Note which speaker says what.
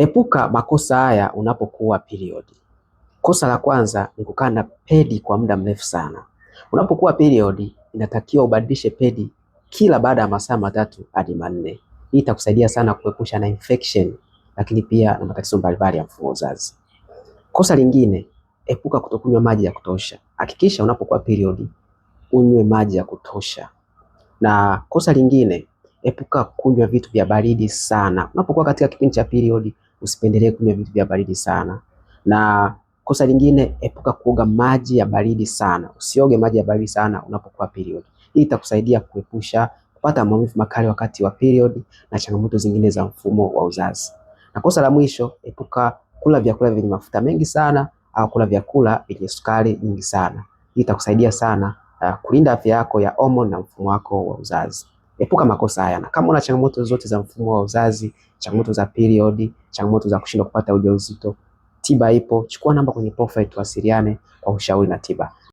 Speaker 1: Epuka makosa haya unapokuwa period. Kosa la kwanza ni kukaa na pedi kwa muda mrefu sana. Unapokuwa period, inatakiwa ubadilishe pedi kila baada ya masaa matatu hadi manne. Hii itakusaidia sana kuepusha na infection, lakini pia na matatizo mbalimbali ya mfumo uzazi. Kosa lingine, epuka kutokunywa maji ya kutosha. Hakikisha unapokuwa period unywe maji ya kutosha. Na kosa lingine, epuka kunywa vitu vya baridi sana unapokuwa katika kipindi cha period usipendelee kunywa vitu vya baridi sana. Na kosa lingine, epuka kuoga maji ya baridi sana. Usioge maji ya baridi sana unapokuwa period. Hii itakusaidia kuepusha kupata maumivu makali wakati wa period na changamoto zingine za mfumo wa uzazi. Na kosa la mwisho, epuka kula vyakula vyenye mafuta mengi sana au kula vyakula vyenye sukari nyingi sana. Hii itakusaidia sana uh, kulinda afya yako ya homoni na mfumo wako wa uzazi. Epuka makosa haya, na kama una changamoto zote za mfumo wa uzazi, changamoto za periodi changamoto za kushindwa kupata ujauzito, tiba ipo. Chukua namba kwenye profile tuwasiliane kwa ushauri na tiba.